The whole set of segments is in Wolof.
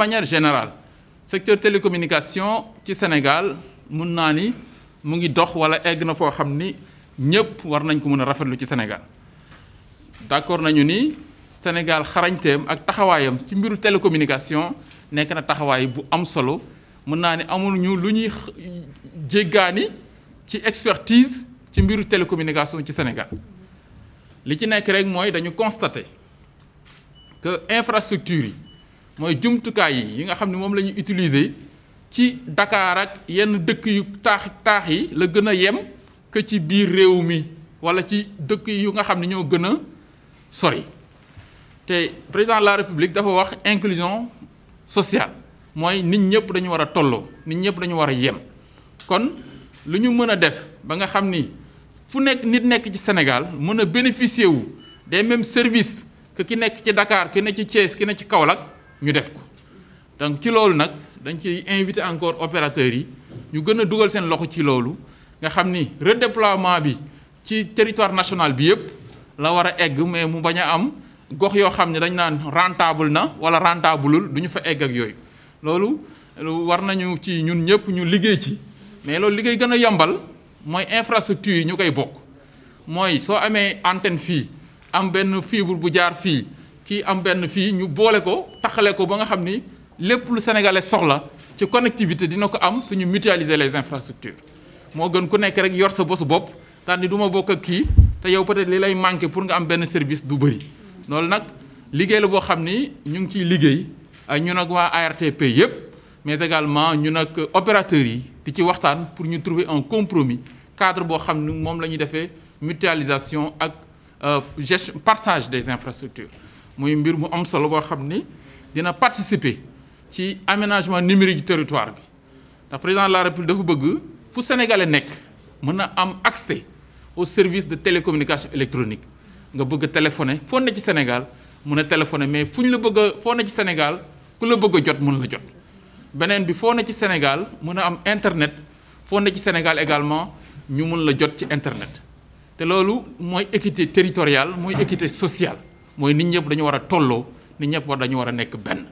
manière général secteur télécommunication ci Sénégal mun naa ni mu ngi dox wala egg na foo xam ni ñëpp war nañ ko mën a rafetlu ci Sénégal d'accord nañu ni Sénégal xarañteem ak taxawaayam ci mbiru télécommunication nekk na taxawaay bu am solo mun naa ni amul ñu lu ñuy jéggaani ci expertise ci mbiru télécommunication ci Sénégal li ci nekk rek mooy dañu constater que infrastructure yi. mooy jumtukaay yi yi nga xam ne moom la ñuy utiliser ci Dakar ak yenn dëkk yu taax taax yi la gën a yem que ci biir réew mi wala ci dëkk yu nga xam ne ñoo gën a sori te président de la république dafa wax inclusion sociale mooy nit ñëpp dañu war a tolloo nit ñëpp dañu war a yem kon lu ñu mën a def ba nga xam ni fu nekk nit nekk ci Sénégal mën a bénéficier wu des mêmes services ki nekk ci dakaar ki ne ci Thiès ki ne ci Kaolack ñu def ko donc ci loolu nag dañ ciy invité encore opérateurs yi ñu gën a dugal seen loxo ci loolu nga xam ni redéploiement bi ci territoire nationale bi yëpp la war a egg mais mu bañ a am gox yoo xam ne dañ naan rentable na wala rentable du ñu fa egg ak yooyu loolu war nañu ci ñun ñëpp ñu liggéey ci mais loolu liggéey gën a yombal mooy infrastructure yi ñu koy bokk mooy soo amee antenne fii am benn fibre bu jaar fii kii am benn fii ñu boole ko taxale ko ba nga xam ni lépp lu sénégalais soxla ci connectivité dina ko am suñu mutualiser les infrastructures moo gën ku nekk rek yor sa bosu bopp daal ni du ma bokk ak kii te yow peut-être li lay manqué pour nga am benn service du bëri loolu nag liggéey la boo xam ni ñu ngi ciy liggéey ak ñun ak waa ARTP yëpp mais également ñun ak opérateurs yi di ci waxtaan pour ñu trouver un compromis cadre boo xam ni moom la ñuy defee mutualisation ak euh, gestion partage des infrastructures muy mbir mu am solo boo xam ni dina participer ci aménagement numérique territoire bi ndax président de la république dafa bëgg fu sénégalais nekk mën a am accès au service de télécommunication électronique nga bëgg a foo ne ci Sénégal mun a téléphoner mais fu ñu la bëgg a foo ne ci Sénégal ku la bëgg a jot mun la jot beneen bi foo ne ci Sénégal mun a am internet foo ne ci Sénégal également ñu mun la jot ci internet te loolu mooy équité territoriale mooy équité sociale. mooy nit ñëpp dañu war a tolloo nit ñëpp war dañu war a nekk benn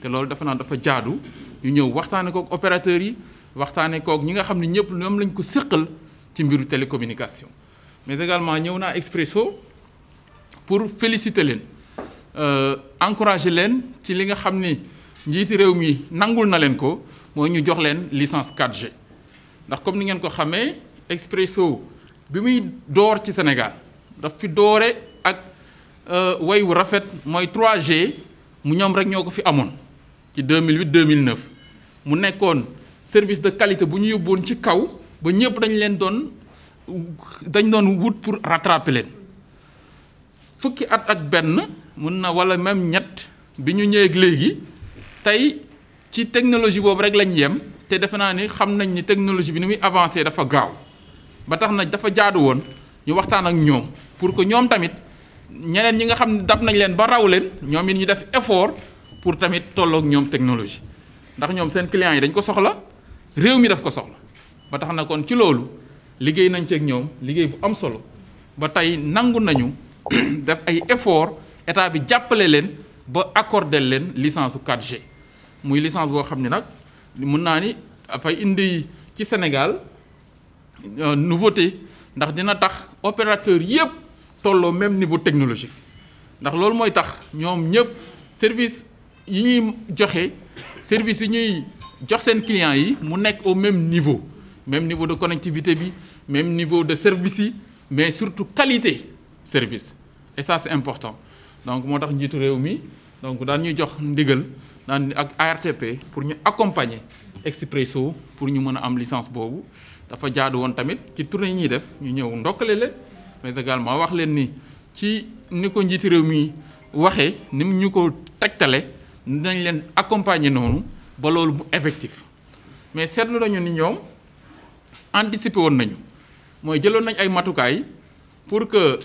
te loolu dafa naan dafa jaadu ñu ñëw waxtaane kook opérateurs yi waxtaane kook ñi nga xam ne ñëpp ñoom lañ ko séqal ci mbiru télécommunication mais également ñëw naa Expresso pour féliciter leen euh, encourager leen ci li nga xam ni njiiti réew mi nangul na leen ko mooy ñu jox leen licence 4G ndax comme ni ngeen ko xamee Expresso bi muy door ci Sénégal daf fi doore Euh, way wu rafet mooy 3G mu ñoom rek ñoo ko fi amoon ci 2008 2009 mu nekkoon service de qualité bu ñu yóbboon ci kaw ba ñëpp dañ leen doon dañ doon wut pour rattraper leen fukki at ak benn mun na wala même ñett bi ñu ñëweek léegi tey ci technologie boobu rek lañu yem te defe naa ni xam nañ ni technologie bi ni muy avancé dafa gaaw ba tax na dafa jaadu woon ñu waxtaan ak ñoom pour que ñoom tamit. ñeneen ñi nga xam ne dab nañ leen ba raw leen ñoom it ñu def effort pour tamit tolloog ñoom technologie ndax ñoom seen clients yi dañ ko soxla réew mi daf ko soxla ba tax na kon ci loolu liggéey nañ ci ak ñoom liggéey bu am solo ba tey nangu nañu def ay effort état bi jàppale leen ba accordé leen licence 4G muy licence boo xam ni nag mun naa ni dafay indi ci Sénégal euh, nouveauté ndax dina tax opérateur yépp tolloo même niveau technologie ndax loolu mooy tax ñoom ñëpp service yi ñuy joxe service yi ñuy jox seen clients yi mu nekk au même niveau même niveau de connectivité bi même niveau de service yi mais surtout qualité service et c'est important donc moo tax njiitu réew mi donc daan ñuy jox ndigal daan ak ARTP pour ñu accompagner Expresso pour ñu mën a am licence boobu dafa jaadu woon tamit ci tournée yi ñuy def ñu ñëw ndokkale la mais également wax leen ni ci ni ko njiiti réew mi waxee ni mu ñu ko tegtale dinañ leen accompagner noonu ba loolu mu effectif mais seetlu nañu ni ñoom anticiper woon nañu mooy jëloon nañ ay matukaay pour que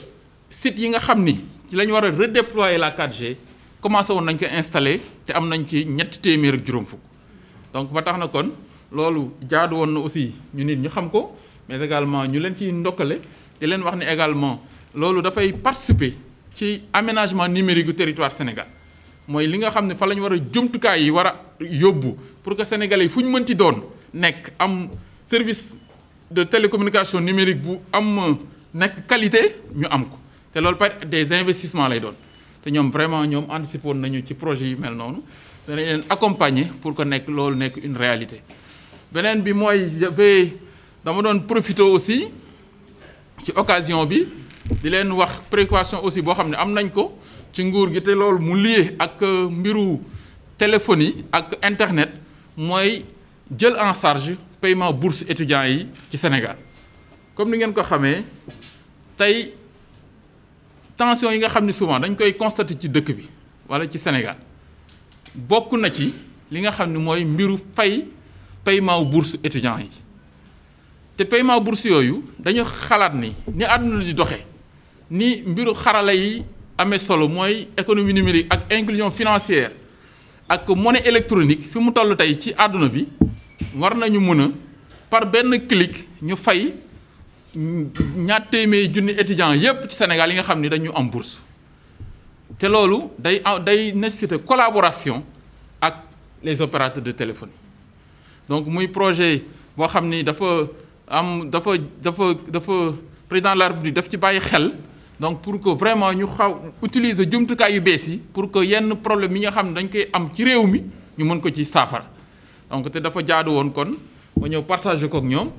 sites yi nga xam ni ci la ñu war a redéployer la 4G commencé woon nañ ko installer te am nañ ci ñett téeméer ak juróom fukk donc ba tax na kon loolu jaadu woon na aussi ñu nit ñu xam ko mais également ñu leen ciy ndokkale di leen wax ni également loolu dafay participer ci aménagement numérique du territoire Sénégal mooy li nga xam ne fa la ñu war a jumtukaay yi war a yóbbu pour que sénégalais yi fu ñu mën ci doon nekk am service de télécommunication numérique bu am nekk qualité ñu am ko te loolu par des investissements lay doon te ñoom vraiment ñoom anticiper woon nañu ci projet yu mel noonu danañ leen accompagner pour que nekk loolu nekk une réalité beneen bi mooy dama doon profiter aussi ci occasion bi di leen wax précaution aussi boo xam ne am nañ ko ci nguur gi te loolu mu lié ak euh, mbiru téléphone yi ak internet mooy jël en charge paiement bourse étudiants yi ci Sénégal comme ni ngeen ko xamee tey tension yi nga xam ne souvent dañ koy constater ci dëkk bi wala ci Sénégal bokk na ci li nga xam ni mooy mbiru fay paiement bourse étudiants yi te paiement bourse yooyu dañu xalaat ni ni àdduna di doxe ni mbiru xarala yi amee solo mooy économie numérique ak inclusion financière ak monnaie électronique fi mu toll tey ci àdduna bi war nañu mën a par benn clic ñu fay ñaar téeméeri junni étudiants yépp ci Sénégal yi nga xam ni dañu am bourse te loolu day day nécessité collaboration ak les opérateurs de téléphonie donc muy projet boo xam ni dafa am dafa dafa dafa président de la di daf ci bàyyi xel donc pour que vraiment ñu xaw utiliser jumtukaay yu bees yi pour que yenn problème yi nga xam ne dañ koy am ci réew mi ñu mën ko ci saafara donc te dafa jaadu woon kon ma ñëw partager ko ak ñoom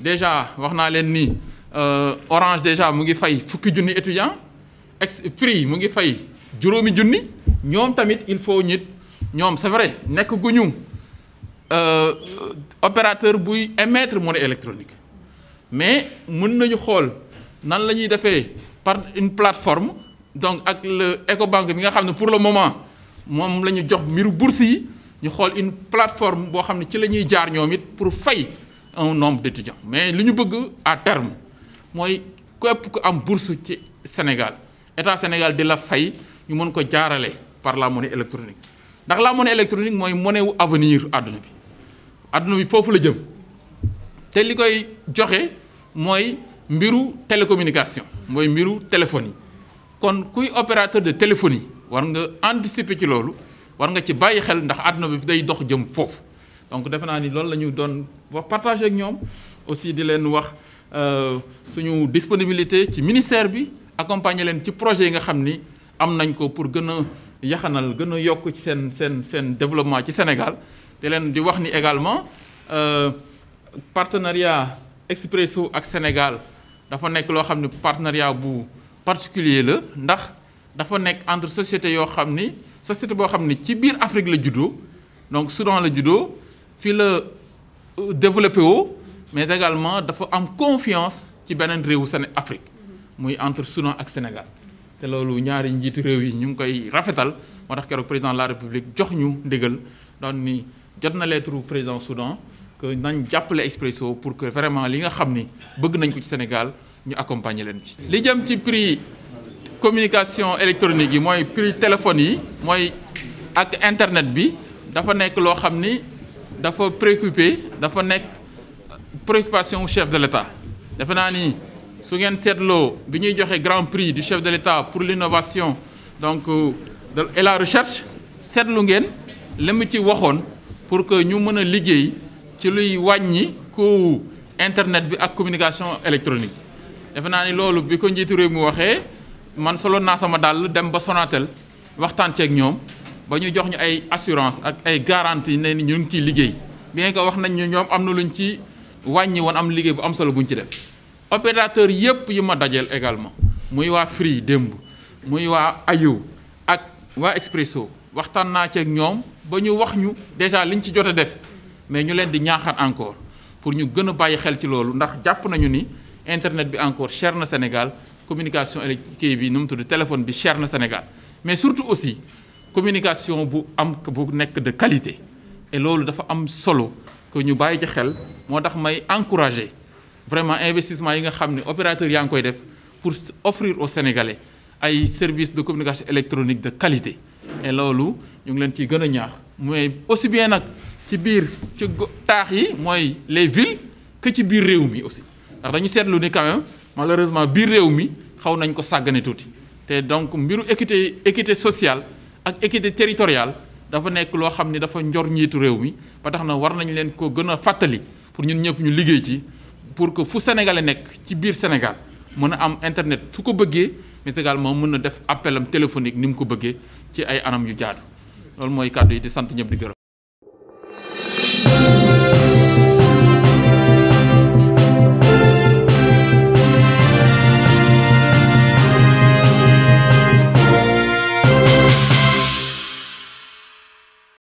déjà wax naa leen ni euh, Orange déjà mu ngi fay fukki junni étudiants ex Free mu ngi fay juróomi junni ñoom tamit il faut ñit ñoom c'est vrai nekk guñu euh, opérateur buy émettre monnaie électronique mais mën nañu xool nan la ñuy defee par une plateforme donc ak le Ecobank bi nga xam ne pour le moment moom la ñu jox mbiru bourse yi ñu xool une plateforme boo xam ne ci la ñuy jaar ñoom it pour fay un nombre de d'étudiants mais li ñu bëgg à terme mooy képp ku am bourse ci Sénégal état Sénégal di la fay ñu mën ko jaarale par la monnaie électronique ndax la monnaie électronique mooy monnaie wu avenir àdduna bi. adduna bi foofu la jëm te li koy joxe mooy mbiru télécommunication mooy mbiru téléphone yi kon kuy opérateur de téléphone yi war nga anticiper ci loolu war nga ci bàyyi xel ndax àdduna bi day dox jëm foofu donc defe naa ni loolu la doon wax partager ak ñoom aussi di leen wax euh, suñu disponibilité ci ministère bi accompagner leen ci projet yi nga xam ni am nañ ko pour gën a yaxanal gën a yokk ci seen seen seen développement ci Sénégal di leen di wax ni également euh, partenariat Expresso ak Sénégal dafa nekk loo xam ne partenariat bu particulier la ndax dafa nekk entre société yoo xam ni société boo xam ni ci biir Afrique la juddoo donc Soudan la juddoo fii la euh, développé woo mais également dafa am confiance ci beneen réewu Séné Afrique muy entre Soudan ak Sénégal te loolu ñaari njiitu réew yi ñu ngi koy rafetal moo tax keroog président la République jox ñu ndigal doon ni jot na lettre président Soudan que nañ jàppale Expresso pour que vraiment li nga xam ni bëgg nañ ko ci Sénégal ñu accompagner leen ci. li jëm ci prix communication électronique yi mooy prix téléphone yi mooy ak internet bi dafa nekk loo xam ni dafa préoccupé dafa nekk préoccupation chef de l'État defe naa ni su ngeen seetloo bi ñuy joxe grand prix du chef de l'État pour l'innovation donc et la recherche seetlu ngeen li mu ci waxoon. pour que ñu mën a liggéey ci luy wàññi koowu internet bi ak communication électronique defe naa ni loolu bi ko njiitu réew mu waxee man solo naa sama dàll dem ba Sonatel waxtaan ceeg ñoom ba ñu jox ñu ay assurance ak ay garantie ne ni ñu ngi ciy liggéey bien que wax nañ ñu ñoom am na luñ ci wàññi woon am liggéey bu am solo buñ ci def opérateur yépp yi ma dajeel également muy waa Free démb muy waa Ayu ak waa Expresso waxtaan naa ceeg ñoom. ba ñu wax ñu déjà liñ ci jot a def mais ñu leen di ñaaxaat encore pour ñu gën a bàyyi xel ci loolu ndax jàpp nañu ni internet bi encore cher na Sénégal communication électrique bi nu mu tudd téléphone bi cher na Sénégal mais surtout aussi communication bu am bu nekk de qualité et loolu dafa am solo que ñu bàyyi ci xel moo tax may encourager vraiment investissement yi nga xam ne opérateur yaa ngi koy def pour offrir au Sénégalais ay services de communication électronique de qualité et loolu ñu ngi leen ci gën a ñaax mooy aussi bien nag ci biir ci taax yi mooy les villes que ci biir réew mi aussi ndax dañu seetlu ni quand malheureusement biir réew mi xaw nañ ko sàggane tuuti te donc mbiru équité équité sociale ak équité territoriale dafa nekk loo xam ni dafa njor njiitu réew mi ba tax na war nañ leen ko gën a fàttali pour ñun ñëpp ñu liggéey ci pour que fu sénégalais nekk ci biir Sénégal mën a am internet su ko bëggee mais également mën na def appel téléphonique ni mu ko bëggee ci ay anam yu jaadu loolu mooy kàddu yi di sant ñëpp di gërëm.